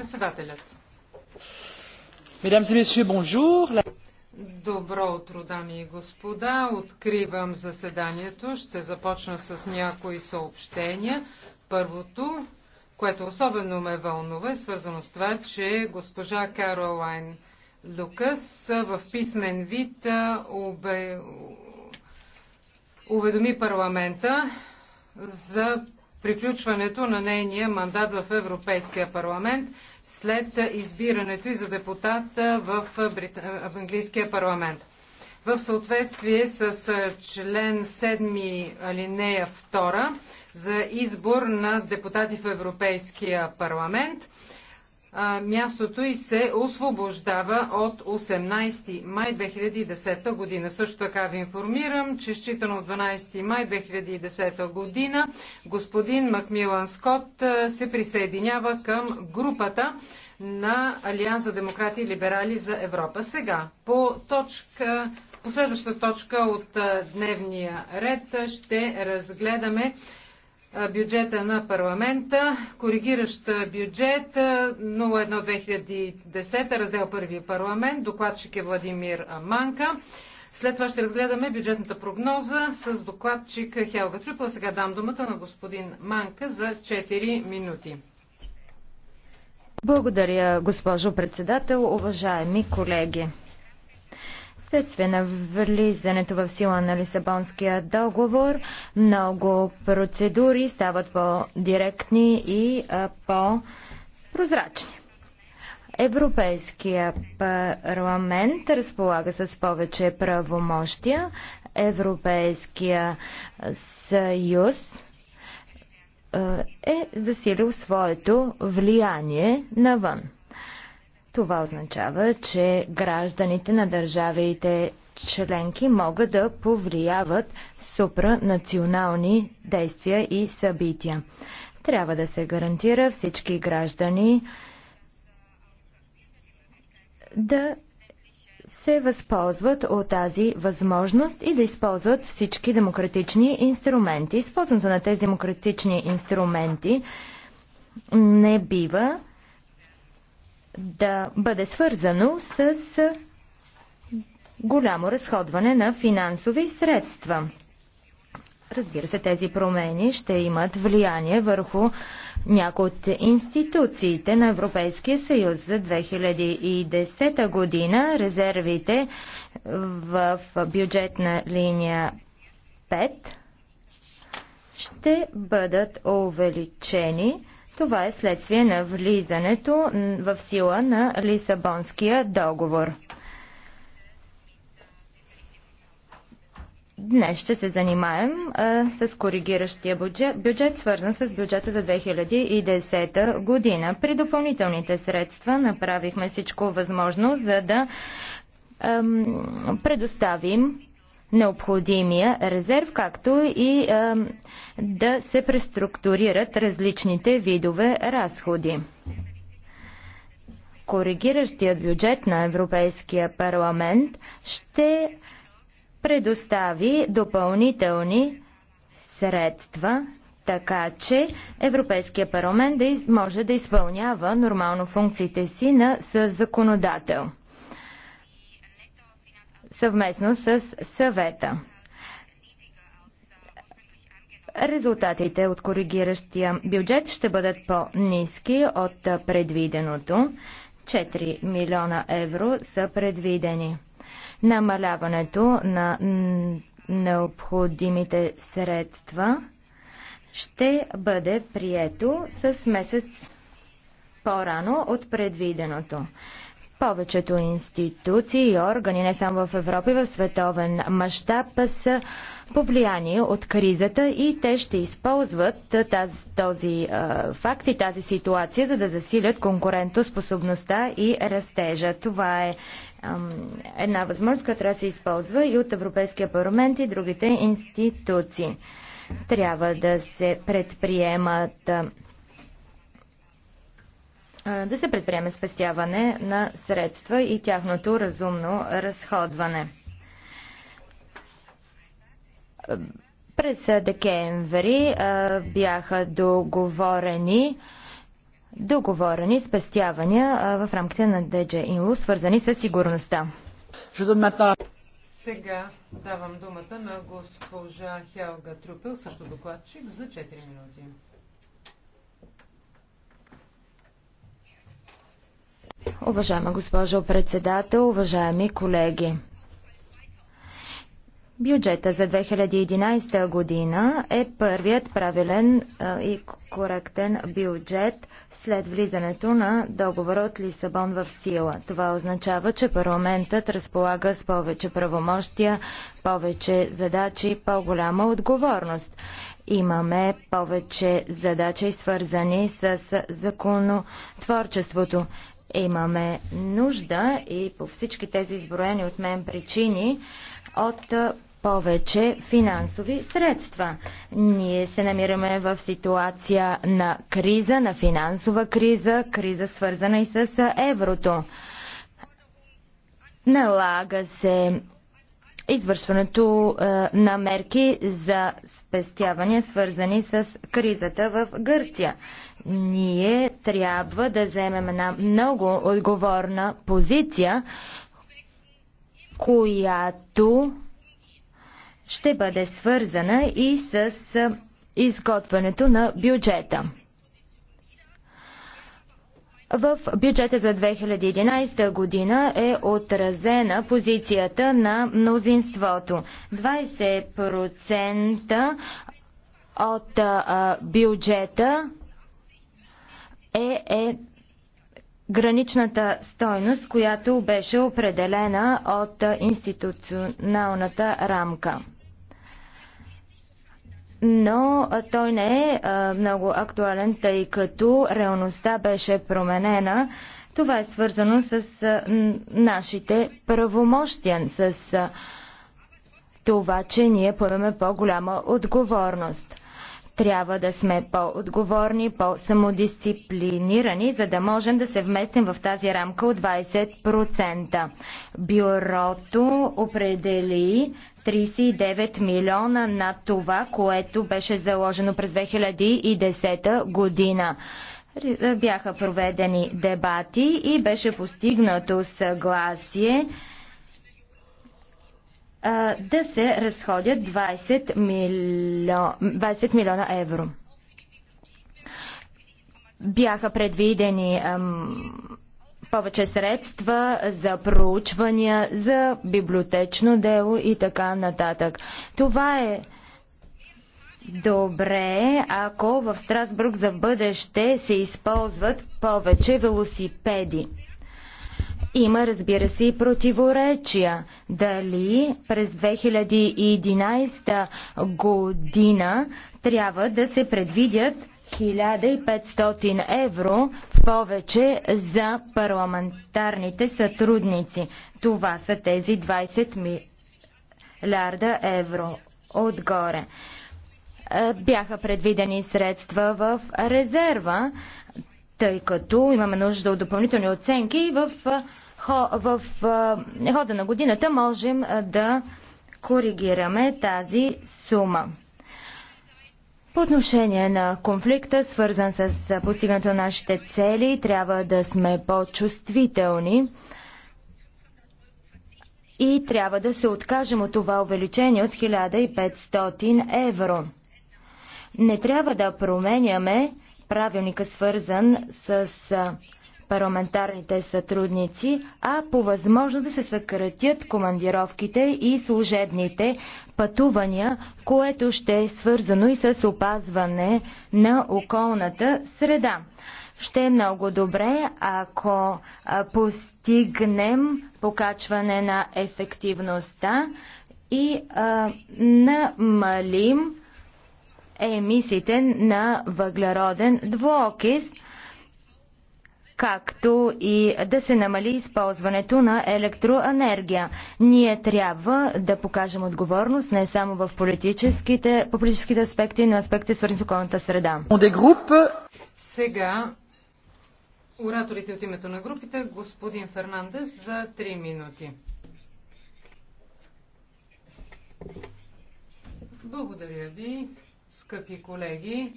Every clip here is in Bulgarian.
Председателят. Добро утро, дами и господа. Откривам заседанието. Ще започна с някои съобщения. Първото, което особено ме вълнува, е свързано с това, че госпожа Каролайн Лукас в писмен вид обе... уведоми парламента за приключването на нейния мандат в Европейския парламент след избирането и за депутат в английския парламент. В съответствие с член 7 алинея 2 за избор на депутати в Европейския парламент, а, мястото и се освобождава от 18 май 2010 година. Също така ви информирам, че считано от 12 май 2010 година господин Макмилан Скот се присъединява към групата на Алианс за демократи и либерали за Европа. Сега, по точка Последваща точка от дневния ред ще разгледаме бюджета на парламента, коригиращ бюджет 01-2010, раздел 1 парламент, докладчик е Владимир Манка. След това ще разгледаме бюджетната прогноза с докладчик Хелга Трюпла. Сега дам думата на господин Манка за 4 минути. Благодаря, госпожо председател, уважаеми колеги. Вследствие на влизането в сила на Лисабонския договор, много процедури стават по-директни и по-прозрачни. Европейския парламент разполага с повече правомощия. Европейския съюз е засилил своето влияние навън. Това означава, че гражданите на държавите членки могат да повлияват супранационални действия и събития. Трябва да се гарантира всички граждани да се възползват от тази възможност и да използват всички демократични инструменти. Използването на тези демократични инструменти не бива да бъде свързано с голямо разходване на финансови средства. Разбира се, тези промени ще имат влияние върху някои от институциите на Европейския съюз за 2010 година. Резервите в бюджетна линия 5 ще бъдат увеличени това е следствие на влизането в сила на Лисабонския договор. Днес ще се занимаем а, с коригиращия бюджет, бюджет, свързан с бюджета за 2010 година. При допълнителните средства направихме всичко възможно, за да ам, предоставим необходимия резерв, както и да се преструктурират различните видове разходи. Коригиращият бюджет на Европейския парламент ще предостави допълнителни средства, така че Европейския парламент да може да изпълнява нормално функциите си на съзаконодател съвместно с съвета. Резултатите от коригиращия бюджет ще бъдат по-низки от предвиденото. 4 милиона евро са предвидени. Намаляването на необходимите средства ще бъде прието с месец по-рано от предвиденото. Повечето институции и органи, не само в Европа и в световен мащаб, са повлияни от кризата и те ще използват тази, този е, факт и тази ситуация, за да засилят конкурентоспособността и растежа. Това е е, една възможност, която трябва да се използва и от Европейския парламент и другите институции. Трябва да се предприемат е, да се предприеме спестяване на средства и тяхното разумно разходване. През декември бяха договорени договорени спестявания в рамките на DJ Inlu, свързани с сигурността. Сега давам думата на госпожа Хелга Трупел, също докладчик, за 4 минути. Уважаема госпожо председател, уважаеми колеги. Бюджета за 2011 година е първият правилен и коректен бюджет след влизането на договора от Лисабон в сила. Това означава, че парламентът разполага с повече правомощия, повече задачи, по-голяма отговорност. Имаме повече задачи, свързани с законотворчеството имаме нужда и по всички тези изброени от мен причини от повече финансови средства. Ние се намираме в ситуация на криза, на финансова криза, криза свързана и с еврото. Налага се извършването е, на мерки за спестявания, свързани с кризата в Гърция. Ние трябва да вземем една много отговорна позиция, която ще бъде свързана и с е, изготвянето на бюджета. В бюджета за 2011 година е отразена позицията на мнозинството. 20% от а, бюджета е, е граничната стойност, която беше определена от институционалната рамка но той не е много актуален, тъй като реалността беше променена. Това е свързано с нашите правомощия, с това, че ние поемаме по-голяма отговорност. Трябва да сме по-отговорни, по-самодисциплинирани, за да можем да се вместим в тази рамка от 20%. Бюрото определи 39 милиона над това, което беше заложено през 2010 година. Бяха проведени дебати и беше постигнато съгласие да се разходят 20, милион, 20 милиона евро. Бяха предвидени повече средства за проучвания, за библиотечно дело и така нататък. Това е добре, ако в Страсбург за бъдеще се използват повече велосипеди. Има, разбира се, и противоречия. Дали през 2011 година трябва да се предвидят 1500 евро в повече за парламентарните сътрудници. Това са тези 20 милиарда евро отгоре. Е, бяха предвидени средства в резерва, тъй като имаме нужда от допълнителни оценки и в, е, в, в е, хода на годината можем да коригираме тази сума. По отношение на конфликта, свързан с постигането на нашите цели, трябва да сме по-чувствителни и трябва да се откажем от това увеличение от 1500 евро. Не трябва да променяме правилника, свързан с парламентарните сътрудници, а по възможно да се съкратят командировките и служебните пътувания, което ще е свързано и с опазване на околната среда. Ще е много добре, ако постигнем покачване на ефективността и а, намалим емисиите на въглероден двуокис както и да се намали използването на електроенергия. Ние трябва да покажем отговорност не само в политическите, по политическите аспекти, но аспекти свързани с околната среда. Сега ораторите от името на групите, господин Фернандес за 3 минути. Благодаря ви, скъпи колеги.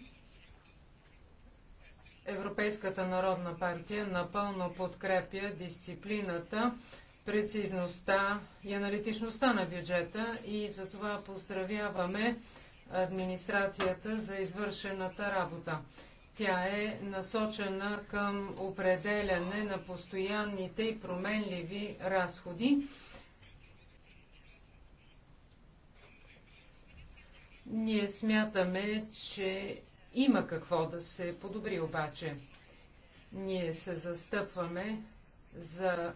Европейската народна партия напълно подкрепя дисциплината, прецизността и аналитичността на бюджета и затова поздравяваме администрацията за извършената работа. Тя е насочена към определяне на постоянните и променливи разходи. Ние смятаме, че има какво да се подобри обаче. Ние се застъпваме за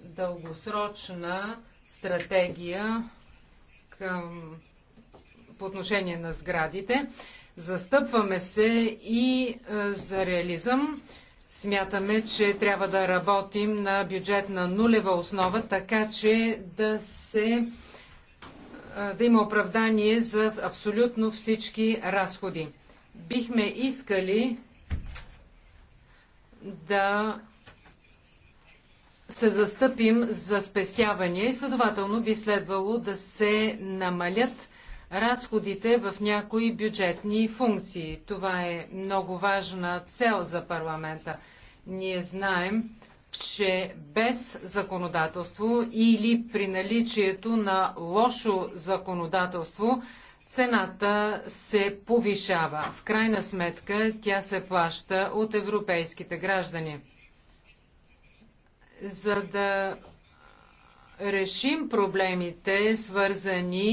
дългосрочна стратегия към, по отношение на сградите. Застъпваме се и а, е, за реализъм. Смятаме, че трябва да работим на бюджет на нулева основа, така че да се а, е, да има оправдание за абсолютно всички разходи бихме искали да се застъпим за спестявания и следователно би следвало да се намалят разходите в някои бюджетни функции. Това е много важна цел за парламента. Ние знаем, че без законодателство или при наличието на лошо законодателство цената се повишава. В крайна сметка тя се плаща от европейските граждани. За да решим проблемите, свързани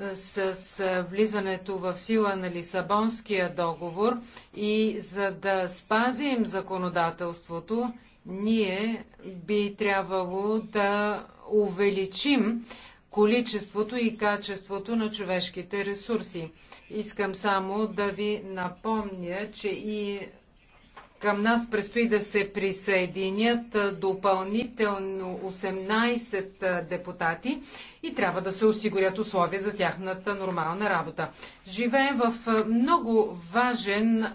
е, с е, влизането в сила на Лисабонския договор и за да спазим законодателството, ние би трябвало да увеличим е, количеството и качеството на човешките ресурси. Искам само да ви напомня, че и към нас предстои да се присъединят допълнително 18 депутати и трябва да се осигурят условия за тяхната нормална работа. Живеем в много важен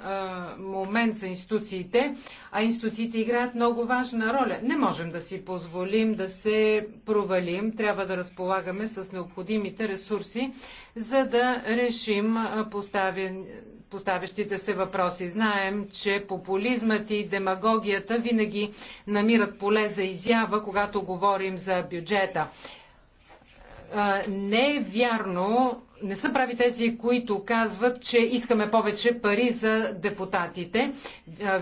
момент за институциите, а институциите играят много важна роля. Не можем да си позволим да се провалим, трябва да разполагаме с необходимите ресурси, за да решим поставен, поставящите се въпроси. Знаем, че популизмът и демагогията винаги намират поле за изява, когато говорим за бюджета. Не е вярно, не са прави тези, които казват, че искаме повече пари за депутатите.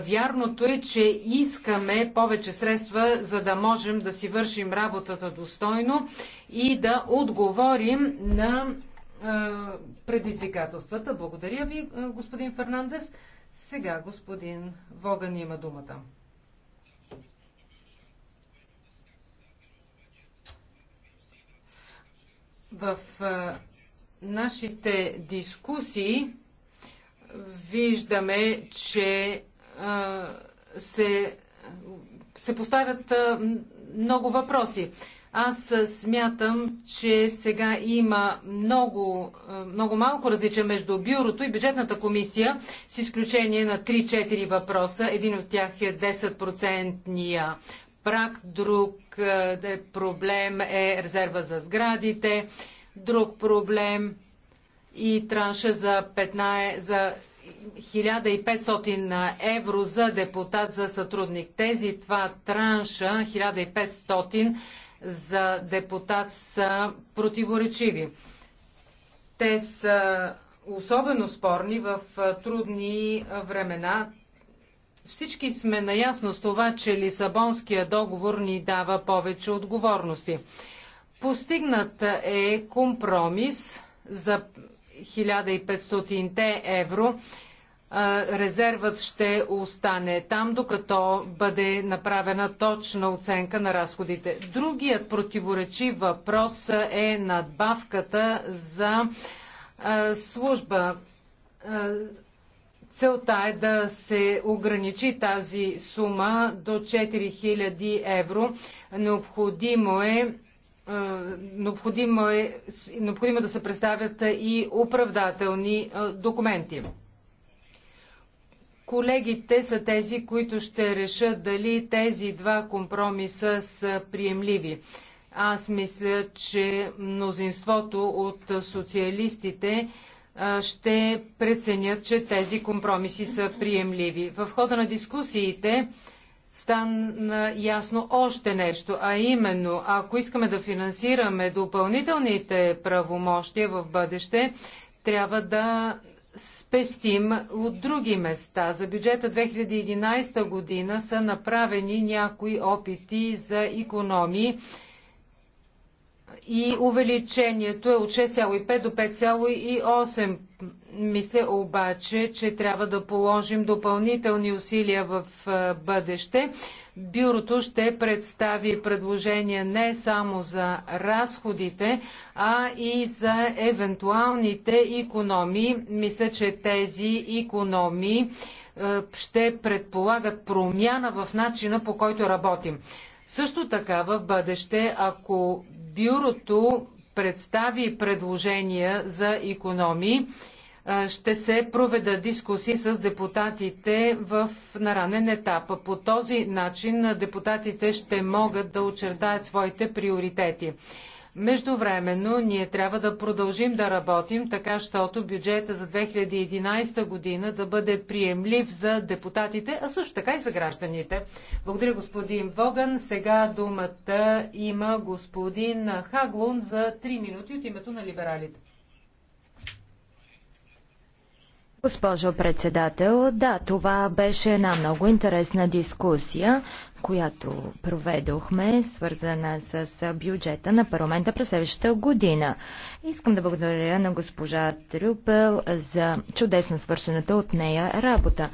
Вярното е, че искаме повече средства, за да можем да си вършим работата достойно и да отговорим на е, предизвикателствата. Благодаря ви, е, господин Фернандес. Сега господин Воган има думата. В е, нашите дискусии виждаме, че се, се поставят много въпроси. Аз смятам, че сега има много, е, много малко различия между бюрото и бюджетната комисия, с изключение на 3-4 въпроса. Един от тях е 10-процентния прак, друг е, проблем е резерва за сградите, друг проблем и транша за, 15, за 1500 евро за депутат за сътрудник. Тези два транша, 1500 евро, за депутат са противоречиви. Те са особено спорни в трудни времена. Всички сме наясно с това, че Лисабонския договор ни дава повече отговорности. Постигнат е компромис за 1500 евро резервът ще остане там, докато бъде направена точна оценка на разходите. Другият противоречив въпрос е надбавката за служба. Целта е да се ограничи тази сума до 4000 евро. Е, необходимо е Необходимо е, необходимо да се представят и оправдателни документи. Колегите са тези, които ще решат дали тези два компромиса са приемливи. Аз мисля, че мнозинството от социалистите ще преценят, че тези компромиси са приемливи. В хода на дискусиите стана ясно още нещо, а именно, ако искаме да финансираме допълнителните правомощия в бъдеще, трябва да спестим от други места. За бюджета 2011 година са направени някои опити за економии и увеличението е от 6,5 до 5,8. Мисля обаче, че трябва да положим допълнителни усилия в бъдеще. Бюрото ще представи предложение не само за разходите, а и за евентуалните економии. Мисля, че тези економии ще предполагат промяна в начина по който работим. Също така в бъдеще, ако бюрото представи предложения за економии, ще се проведа дискусии с депутатите в наранен етап. По този начин депутатите ще могат да очертаят своите приоритети. Междувременно ние трябва да продължим да работим така, щото бюджета за 2011 година да бъде приемлив за депутатите, а също така и за гражданите. Благодаря господин Воган. Сега думата има господин Хаглун за 3 минути от името на либералите. Госпожо председател, да, това беше една много интересна дискусия, която проведохме, свързана с бюджета на парламента през следващата година. Искам да благодаря на госпожа Трюпел за чудесно свършената от нея работа,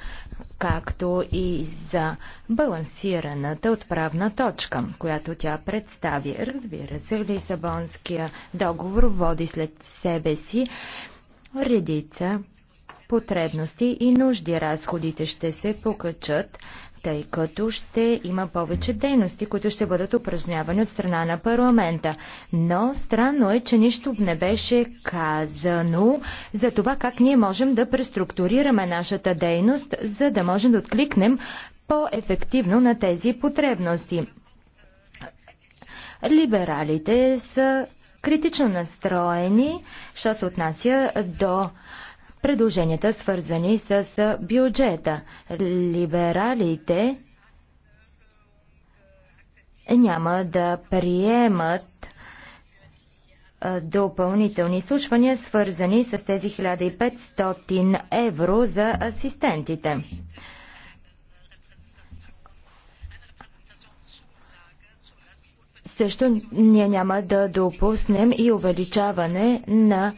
както и за балансираната отправна точка, която тя представи. Разбира се, Лисабонския договор води след себе си редица потребности и нужди. Разходите ще се покачат, тъй като ще има повече дейности, които ще бъдат упражнявани от страна на парламента. Но странно е, че нищо не беше казано за това как ние можем да преструктурираме нашата дейност, за да можем да откликнем по-ефективно на тези потребности. Либералите са критично настроени, що се отнася до предложенията, свързани с бюджета. Либералите няма да приемат допълнителни изслушвания, свързани с тези 1500 евро за асистентите. Също ние няма да допуснем и увеличаване на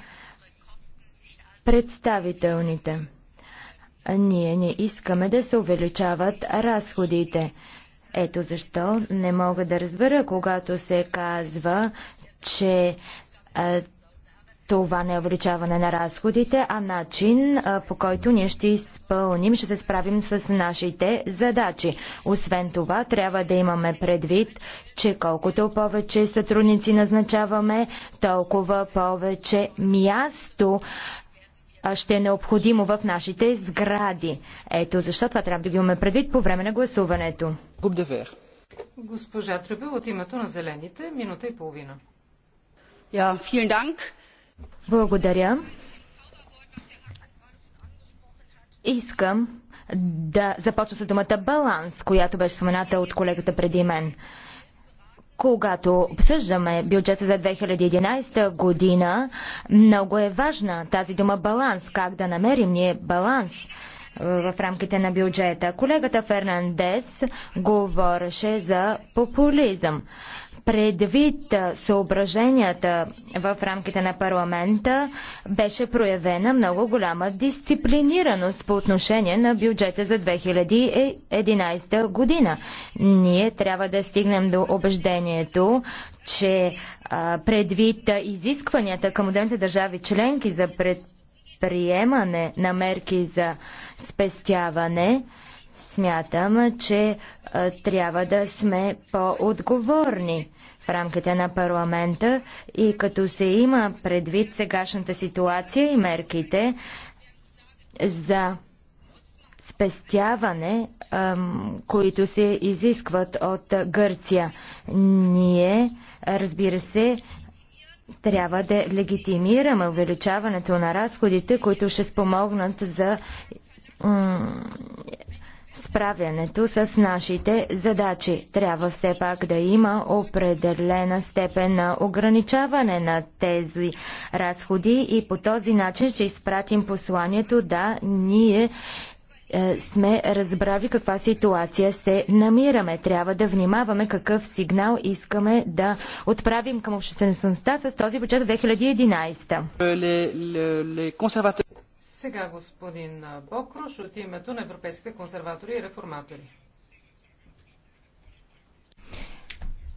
представителните. Ние не искаме да се увеличават разходите. Ето защо не мога да разбера, когато се казва, че а, това не е увеличаване на разходите, а начин а, по който ние ще изпълним, ще се справим с нашите задачи. Освен това, трябва да имаме предвид, че колкото повече сътрудници назначаваме, толкова повече място ще е необходимо в нашите сгради. Ето защо това трябва да ги имаме предвид по време на гласуването. Госпожа Трюбел от името на Зелените, минута и половина. Dank. Благодаря. Искам да започна с думата баланс, която беше спомената от колегата преди мен. Когато обсъждаме бюджета за 2011 година, много е важна тази дума баланс. Как да намерим ние баланс? Е, в рамките на бюджета. Колегата Фернандес говореше за популизъм. Предвид съображенията в рамките на парламента беше проявена много голяма дисциплинираност по отношение на бюджета за 2011 година. Ние трябва да стигнем до убеждението, че предвид изискванията към отделните държави членки за предприемане на мерки за спестяване, Смятам, че трябва да сме по-отговорни в рамките на парламента и като се има предвид сегашната ситуация и мерките за спестяване, които се изискват от Гърция. Ние, разбира се, трябва да легитимираме увеличаването на разходите, които ще спомогнат за справянето с нашите задачи. Трябва все пак да има определена степен на ограничаване на тези разходи и по този начин ще изпратим посланието да ние е, сме разбрали каква ситуация се намираме. Трябва да внимаваме какъв сигнал искаме да отправим към обществеността с този бюджет 2011. Сега господин Бокруш от името на европейските консерватори и реформатори.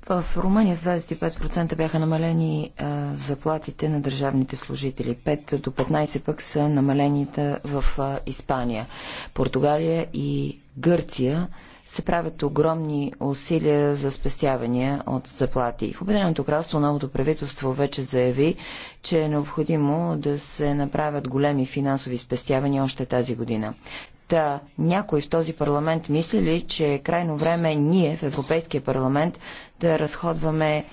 В Румъния с 25% бяха намалени а, е, заплатите на държавните служители. 5 до 15 пък са намалените в а, е, Испания. Португалия и Гърция се правят огромни усилия за спестявания от заплати. В Обединеното кралство новото правителство вече заяви, че е необходимо да се направят големи финансови спестявания още тази година. Та някой в този парламент мисли ли, че е крайно време ние в Европейския парламент да разходваме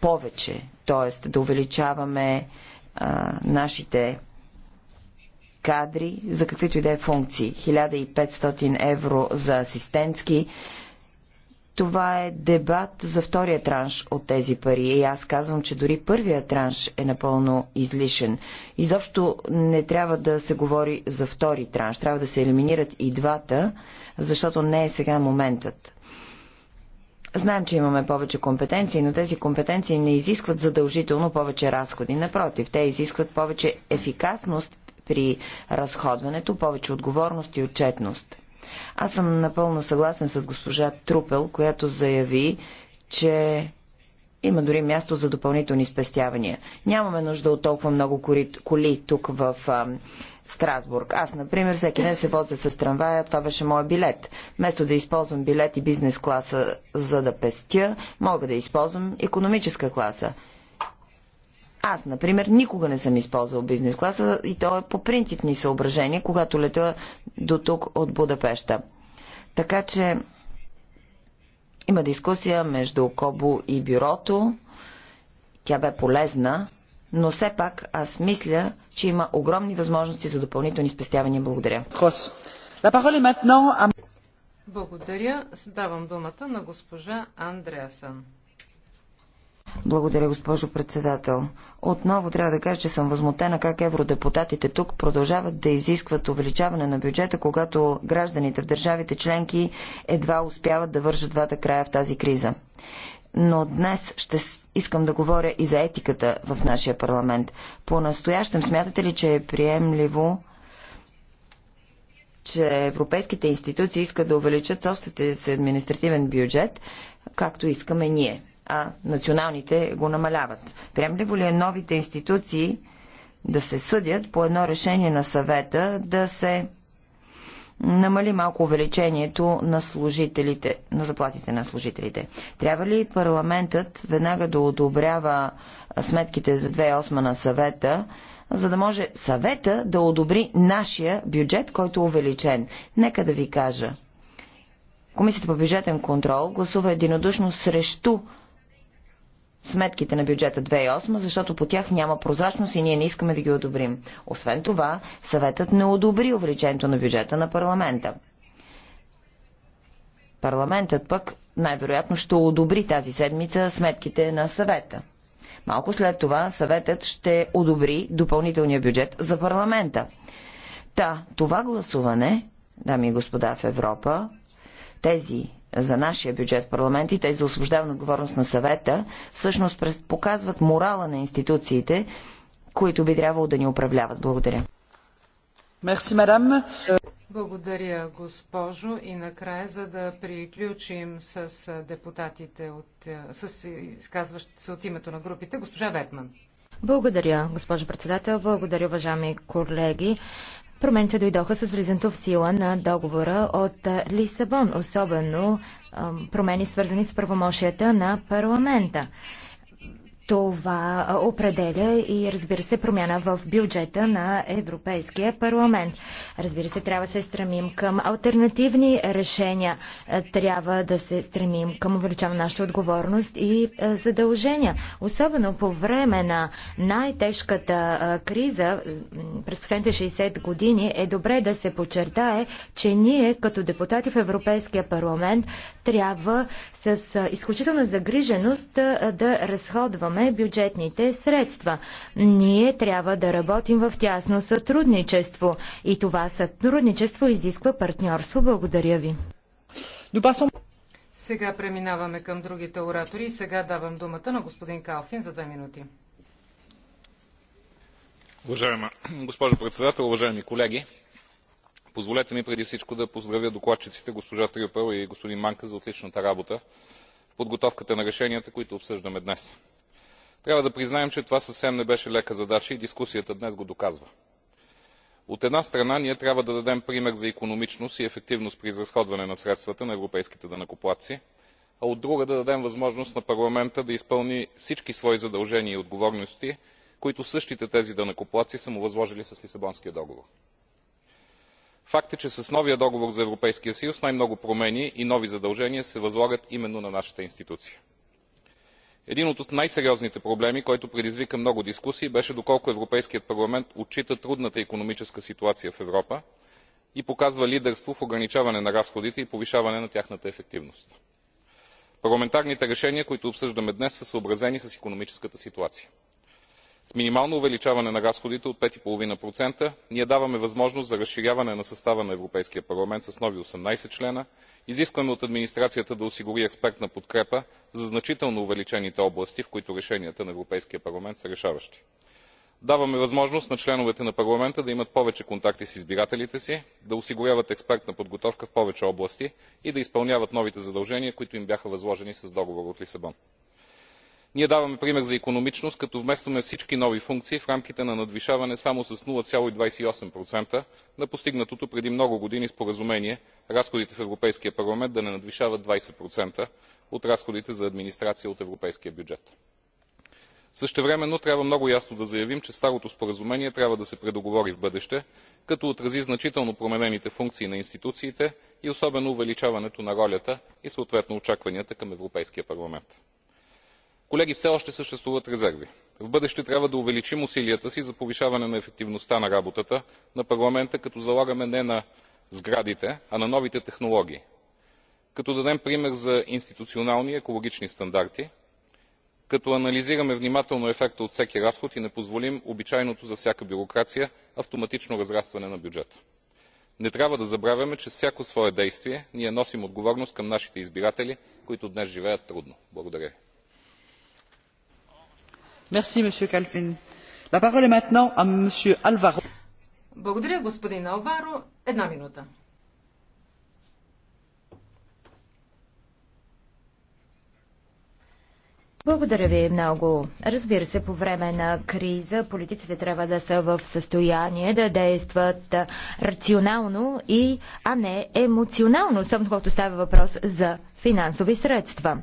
повече, т.е. да увеличаваме а, нашите кадри за каквито и да е функции. 1500 евро за асистентски. Това е дебат за втория транш от тези пари. И аз казвам, че дори първия транш е напълно излишен. Изобщо не трябва да се говори за втори транш. Трябва да се елиминират и двата, защото не е сега моментът. Знаем, че имаме повече компетенции, но тези компетенции не изискват задължително повече разходи. Напротив, те изискват повече ефикасност при разходването, повече отговорност и отчетност. Аз съм напълно съгласен с госпожа Трупел, която заяви, че има дори място за допълнителни спестявания. Нямаме нужда от толкова много коли, коли тук в а, Страсбург. Аз, например, всеки ден се возя с трамвая, това беше моя билет. Вместо да използвам билет и бизнес класа, за да пестя, мога да използвам економическа класа. Аз, например, никога не съм използвал бизнес класа и то е по принципни съображения, когато лета до тук от Будапешта. Така че има дискусия между Кобо и бюрото. Тя бе полезна, но все пак аз мисля, че има огромни възможности за допълнителни спестявания. Благодаря. Благодаря. Давам думата на госпожа Андреасън. Благодаря, госпожо председател. Отново трябва да кажа, че съм възмутена как евродепутатите тук продължават да изискват увеличаване на бюджета, когато гражданите в държавите членки едва успяват да вържат двата края в тази криза. Но днес ще искам да говоря и за етиката в нашия парламент. По-настоящем смятате ли, че е приемливо че европейските институции искат да увеличат собствения си административен бюджет, както искаме ние а националните го намаляват. Приемливо ли е новите институции да се съдят по едно решение на съвета да се намали малко увеличението на служителите, на заплатите на служителите. Трябва ли парламентът веднага да одобрява сметките за 2008 на съвета, за да може съвета да одобри нашия бюджет, който е увеличен? Нека да ви кажа. Комисията по бюджетен контрол гласува единодушно срещу сметките на бюджета 2008, защото по тях няма прозрачност и ние не искаме да ги одобрим. Освен това, съветът не одобри увеличението на бюджета на парламента. Парламентът пък най-вероятно ще одобри тази седмица сметките на съвета. Малко след това съветът ще одобри допълнителния бюджет за парламента. Та, това гласуване, дами и господа в Европа, тези за нашия бюджет в парламент и тези за освобождаване отговорност на съвета, всъщност показват морала на институциите, които би трябвало да ни управляват. Благодаря. Мерси, мадам. Благодаря, госпожо. И накрая, за да приключим с депутатите, от, с изказващите се от името на групите, госпожа Вертман. Благодаря, госпожо председател. Благодаря, уважаеми колеги. Промените дойдоха с влизането в сила на договора от Лисабон, особено промени свързани с правомощията на парламента. Това определя и разбира се промяна в бюджета на Европейския парламент. Разбира се, трябва да се стремим към альтернативни решения. Трябва да се стремим към увеличаване на нашата отговорност и задължения. Особено по време на най-тежката криза през последните 60 години е добре да се подчертае, че ние като депутати в Европейския парламент трябва с изключителна загриженост да разходваме разходваме бюджетните средства. Ние трябва да работим в тясно сътрудничество и това сътрудничество изисква партньорство. Благодаря ви. Сега преминаваме към другите оратори и сега давам думата на господин Калфин за две минути. Уважаема госпожо председател, уважаеми колеги, позволете ми преди всичко да поздравя докладчиците госпожа трюпел и господин манка за отличната работа в подготовката на решенията които обсъждаме днес трябва да признаем че това съвсем не беше лека задача и дискусията днес го доказва. от една страна ние трябва да дадем пример за икономичност и ефективност при изразходване на средствата на европейските данъкоплатци а от друга да дадем възможност на парламента да изпълни всички свои задължения и отговорности които същите тези данъкоплатци са му възложили с лисабонския договор. факт е че с новия договор за европейския съюз най много промени и нови задължения се възлагат именно на нашата институция един от най сериозните проблеми който предизвика много дискусии беше доколко европейският парламент отчита трудната икономическа ситуация в европа и показва лидерство в ограничаване на разходите и повишаване на тяхната ефективност. парламентарните решения които обсъждаме днес са съобразени с икономическата ситуация с минимално увеличаване на разходите от пет ние даваме възможност за разширяване на състава на европейския парламент с нови 18 члена изискваме от администрацията да осигури експертна подкрепа за значително увеличените области в които решенията на европейския парламент са решаващи. даваме възможност на членовете на парламента да имат повече контакти с избирателите си да осигуряват експертна подготовка в повече области и да изпълняват новите задължения които им бяха възложени с договора от лисабон ние даваме пример за икономичност като вместваме всички нови функции в рамките на надвишаване само с 0,28% на постигнатото преди много години споразумение разходите в европейския парламент да не надвишават двадесет от разходите за администрация от европейския бюджет. същевременно трябва много ясно да заявим че старото споразумение трябва да се предоговори в бъдеще като отрази значително променените функции на институциите и особено увеличаването на ролята и съответно очакванията към европейския парламент колеги все още съществуват резерви. в бъдеще трябва да увеличим усилията си за повишаване на ефективността на работата на парламента като залагаме не на сградите а на новите технологии като дадем пример за институционални и екологични стандарти като анализираме внимателно ефекта от всеки разход и не позволим обичайното за всяка бюрокрация автоматично разрастване на бюджета. не трябва да забравяме че с всяко свое действие ние носим отговорност към нашите избиратели които днес живеят трудно. благодаря Merci, monsieur Калфин. La parole est maintenant à monsieur Alvaro. Благодаря, господин Алваро. Една минута. Благодаря ви много. Разбира се, по време на криза политиците трябва да са в състояние да действат рационално и, а не емоционално, особено когато става въпрос за финансови средства.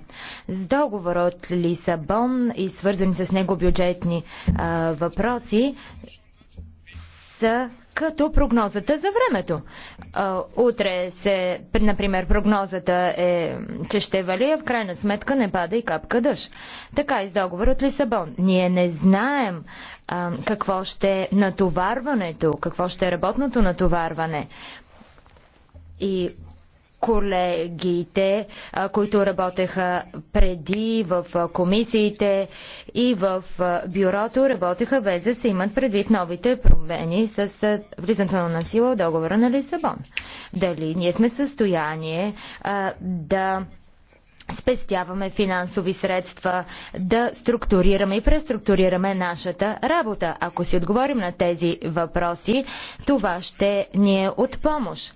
С договор от Лисабон и свързани с него бюджетни а, въпроси са като прогнозата за времето. Утре се, например, прогнозата е, че ще вали, а в крайна сметка не пада и капка дъжд. Така и е с договор от Лисабон. Ние не знаем а, какво ще е натоварването, какво ще е работното натоварване. И колегите, които работеха преди в комисиите и в бюрото, работеха без да се имат предвид новите промени с влизането на сила договора на Лисабон. Дали ние сме в състояние да спестяваме финансови средства, да структурираме и преструктурираме нашата работа. Ако си отговорим на тези въпроси, това ще ни е от помощ.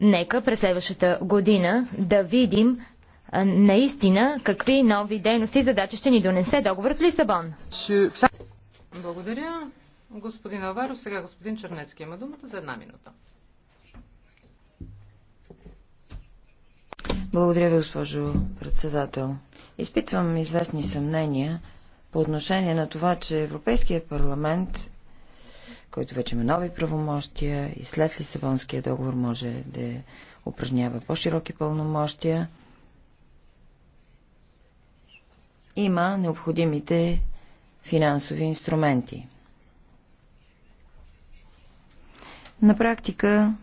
Нека през следващата година да видим наистина какви нови дейности и задачи ще ни донесе договорът в Лисабон. Благодаря. Господин Аваро, сега господин Чернецки има думата за една минута. Благодаря ви, госпожо председател. Изпитвам известни съмнения по отношение на това, че Европейският парламент който вече има нови правомощия и след Лисабонския договор може да упражнява по-широки пълномощия, има необходимите финансови инструменти. На практика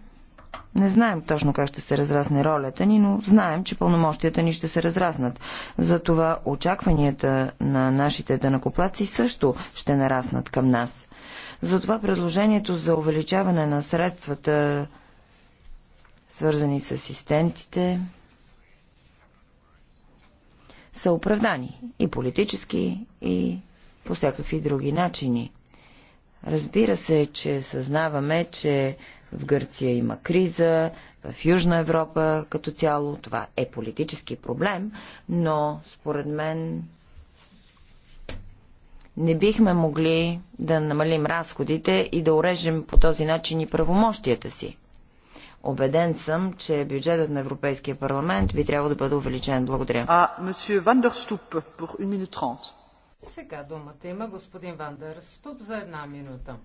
не знаем точно как ще се разрасне ролята ни, но знаем, че пълномощията ни ще се разраснат. Затова очакванията на нашите данакоплаци също ще нараснат към нас. Затова предложението за увеличаване на средствата, свързани с асистентите, са оправдани и политически, и по всякакви други начини. Разбира се, че съзнаваме, че в Гърция има криза, в Южна Европа като цяло това е политически проблем, но според мен не бихме могли да намалим разходите и да урежем по този начин и правомощията си. Обеден съм, че бюджетът на Европейския парламент би трябвало да бъде увеличен. Благодаря. А, месье Вандерступ, по 1 минута 30. Сега думата има господин Вандерступ за една минута.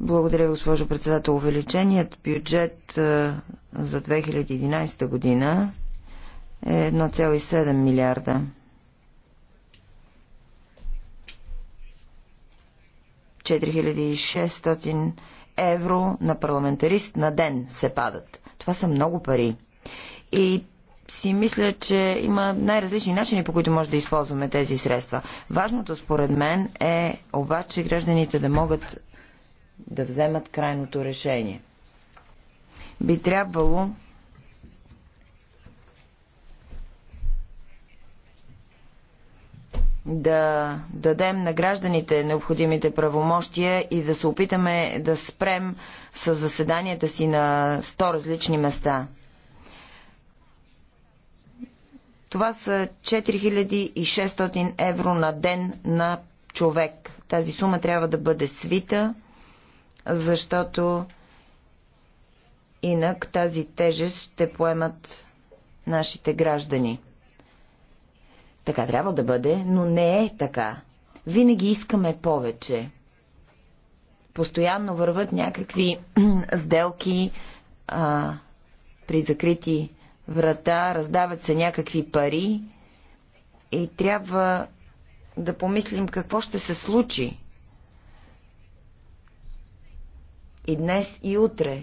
Благодаря, госпожо председател. Увеличеният бюджет е, за 2011 година е 1,7 милиарда. 4600 евро на парламентарист на ден се падат. Това са много пари. И си мисля, че има най-различни начини, по които може да използваме тези средства. Важното, според мен, е обаче гражданите да могат да вземат крайното решение. Би трябвало да дадем на гражданите необходимите правомощия и да се опитаме да спрем с заседанията си на 100 различни места. Това са 4600 евро на ден на човек. Тази сума трябва да бъде свита, защото инак тази тежест ще поемат нашите граждани. Така трябва да бъде, но не е така. Винаги искаме повече. Постоянно върват някакви сделки а, при закрити врата, раздават се някакви пари и трябва да помислим какво ще се случи. И днес, и утре.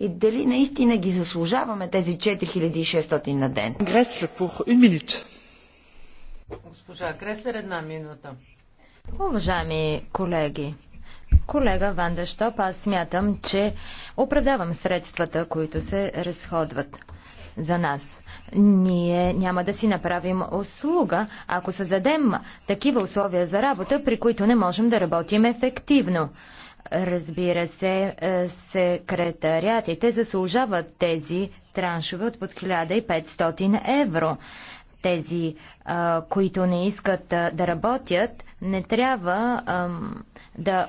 И дали наистина ги заслужаваме тези 4600 на ден? Гресле, по 1 minute. Госпожа Креслер, една минута. Уважаеми колеги, колега Вандештоп, аз смятам, че оправдавам средствата, които се разходват за нас. Ние няма да си направим услуга, ако създадем такива условия за работа, при които не можем да работим ефективно. Разбира се, е, секретариатите заслужават тези траншове от под 1500 евро. Тези, а, които не искат а, да работят, не трябва а, да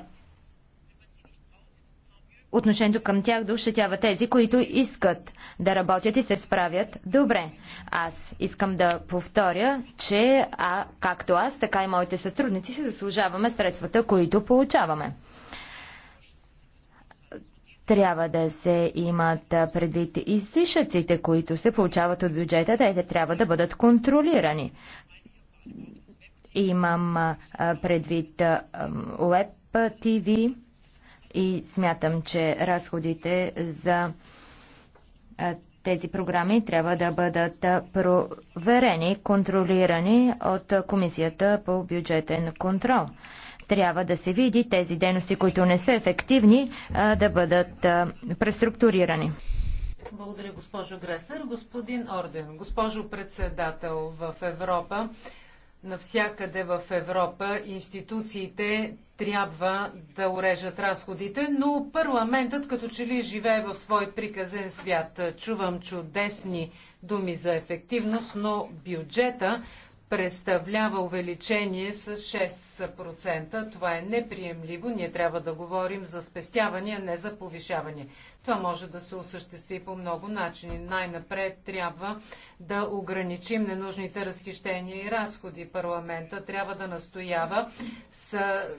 отношението към тях да ощетява тези, които искат да работят и се справят добре. Аз искам да повторя, че а, както аз, така и моите сътрудници се заслужаваме средствата, които получаваме. Трябва да се имат предвид излишъците, които се получават от бюджета, те трябва да бъдат контролирани. Имам предвид Web TV и смятам, че разходите за тези програми трябва да бъдат проверени, контролирани от Комисията по бюджетен контрол. Трябва да се види тези дейности, които не са ефективни, да бъдат преструктурирани. Благодаря, госпожо Греслер. Господин Орден, госпожо председател в Европа, навсякъде в Европа институциите трябва да урежат разходите, но парламентът като че ли живее в свой приказен свят. Чувам чудесни думи за ефективност, но бюджета представлява увеличение с 6%. Това е неприемливо. Ние трябва да говорим за спестявания, не за повишаване. Това може да се осъществи по много начини. Най-напред трябва да ограничим ненужните разхищения и разходи. Парламента трябва да настоява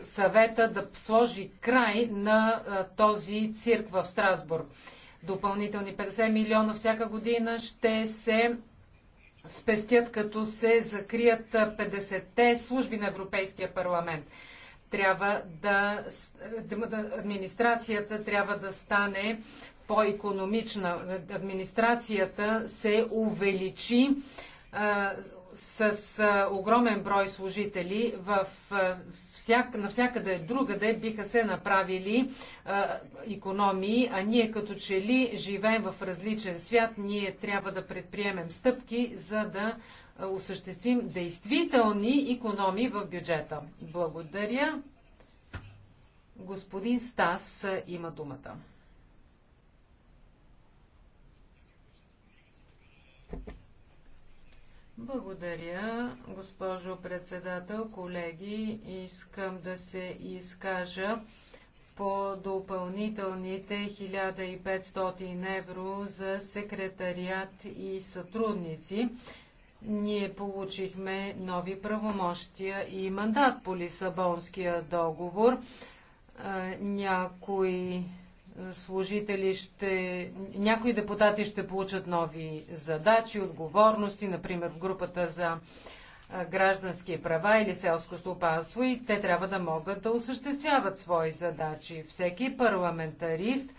съвета да сложи край на този цирк в Страсбург. Допълнителни 50 милиона всяка година ще се спестят, като се закрият 50-те служби на Европейския парламент. Трябва да, администрацията трябва да стане по-економична. Администрацията се увеличи а, с а, огромен брой служители в а, всяк, навсякъде другаде биха се направили а, економии, а ние като че ли живеем в различен свят, ние трябва да предприемем стъпки, за да осъществим действителни економии в бюджета. Благодаря. Господин Стас има думата. Благодаря, госпожо председател, колеги. Искам да се изкажа по допълнителните 1500 евро за секретариат и сътрудници. Ние получихме нови правомощия и мандат по Лисабонския договор. Някои служители ще... Някои депутати ще получат нови задачи, отговорности, например в групата за граждански права или селско стопанство и те трябва да могат да осъществяват свои задачи. Всеки парламентарист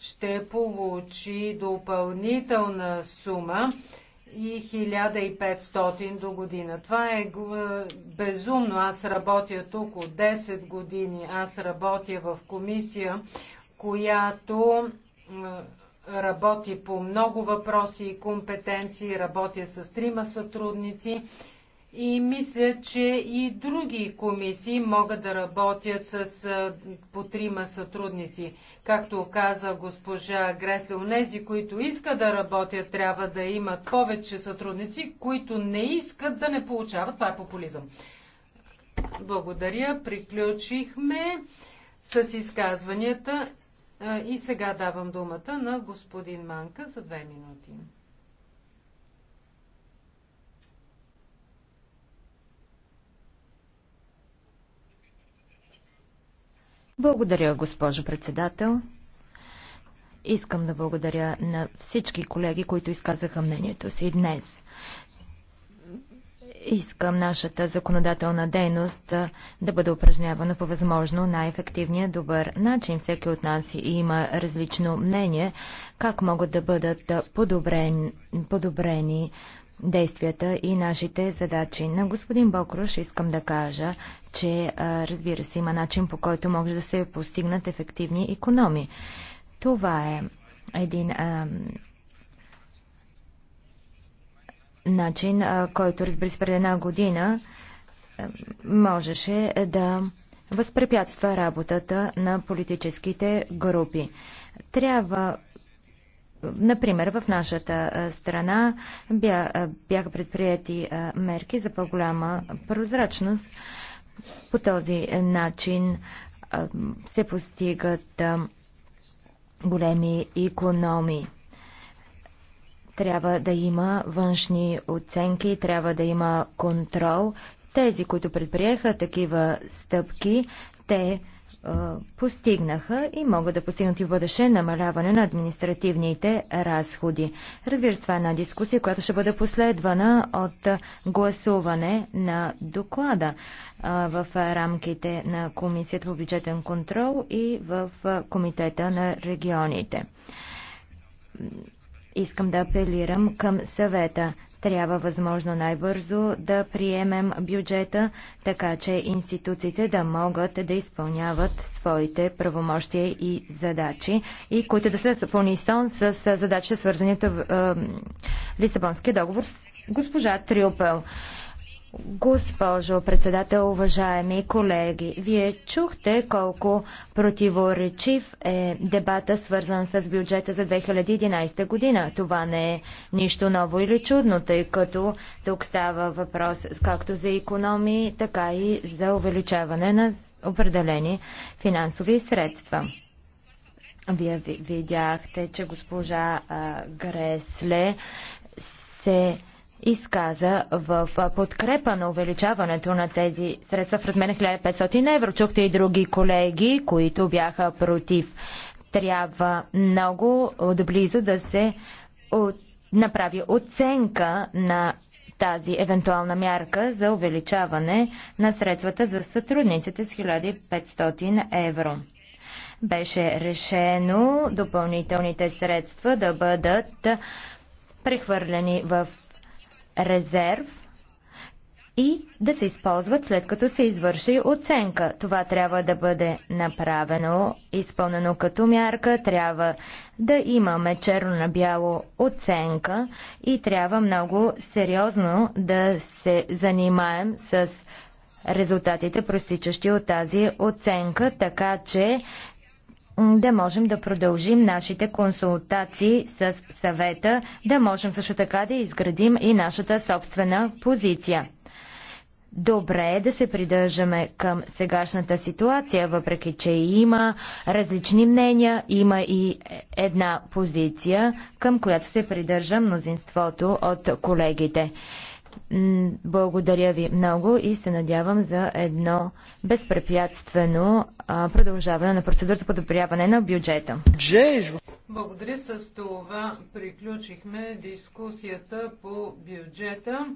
ще получи допълнителна сума и 1500 до година. Това е безумно. Аз работя тук от 10 години. Аз работя в комисия, която работи по много въпроси и компетенции, работя с трима сътрудници и мисля, че и други комисии могат да работят с по трима сътрудници. Както каза госпожа Гресле, нези, които искат да работят, трябва да имат повече сътрудници, които не искат да не получават. Това е популизъм. Благодаря. Приключихме с изказванията и сега давам думата на господин Манка за две минути. Благодаря, госпожо председател. Искам да благодаря на всички колеги, които изказаха мнението си днес. Искам нашата законодателна дейност да бъде упражнявана по възможно най-ефективния добър начин. Всеки от нас има различно мнение как могат да бъдат подобрени, подобрени действията и нашите задачи. На господин Бокруш искам да кажа, че разбира се има начин по който може да се постигнат ефективни економии. Това е един начин, който разбира се преди една година можеше да възпрепятства работата на политическите групи. Трябва Например, в нашата страна бяха предприяти мерки за по-голяма прозрачност. По този начин се постигат големи економии. Трябва да има външни оценки, трябва да има контрол. Тези, които предприеха такива стъпки, те постигнаха и могат да постигнат и в бъдеще намаляване на административните разходи. Разбира се, това е една дискусия, която ще бъде последвана от гласуване на доклада в рамките на Комисията по бюджетен контрол и в Комитета на регионите. Искам да апелирам към съвета. Трябва възможно най-бързо да приемем бюджета, така че институциите да могат да изпълняват своите правомощия и задачи, и които да са в унисон с задачите, свързаните в е, Лисабонския договор. Госпожа Триопел. Госпожо председател, уважаеми колеги, вие чухте колко противоречив е дебата свързан с бюджета за 2011 година. Това не е нищо ново или чудно, тъй като тук става въпрос както за економии, така и за увеличаване на определени финансови средства. Вие видяхте, че госпожа Гресле се изказа в подкрепа на увеличаването на тези средства в размер на 1500 евро. Чухте и други колеги, които бяха против. Трябва много отблизо да се от... направи оценка на тази евентуална мярка за увеличаване на средствата за сътрудниците с 1500 евро. Беше решено допълнителните средства да бъдат прехвърлени в резерв и да се използват след като се извърши оценка. Това трябва да бъде направено, изпълнено като мярка, трябва да имаме черно на бяло оценка и трябва много сериозно да се занимаем с резултатите, простичащи от тази оценка, така че да можем да продължим нашите консултации с съвета, да можем също така да изградим и нашата собствена позиция. Добре е да се придържаме към сегашната ситуация, въпреки че има различни мнения, има и една позиция, към която се придържа мнозинството от колегите. Благодаря ви много и се надявам за едно безпрепятствено продължаване на процедурата по одобряване на бюджета. Благодаря. С това приключихме дискусията по бюджета.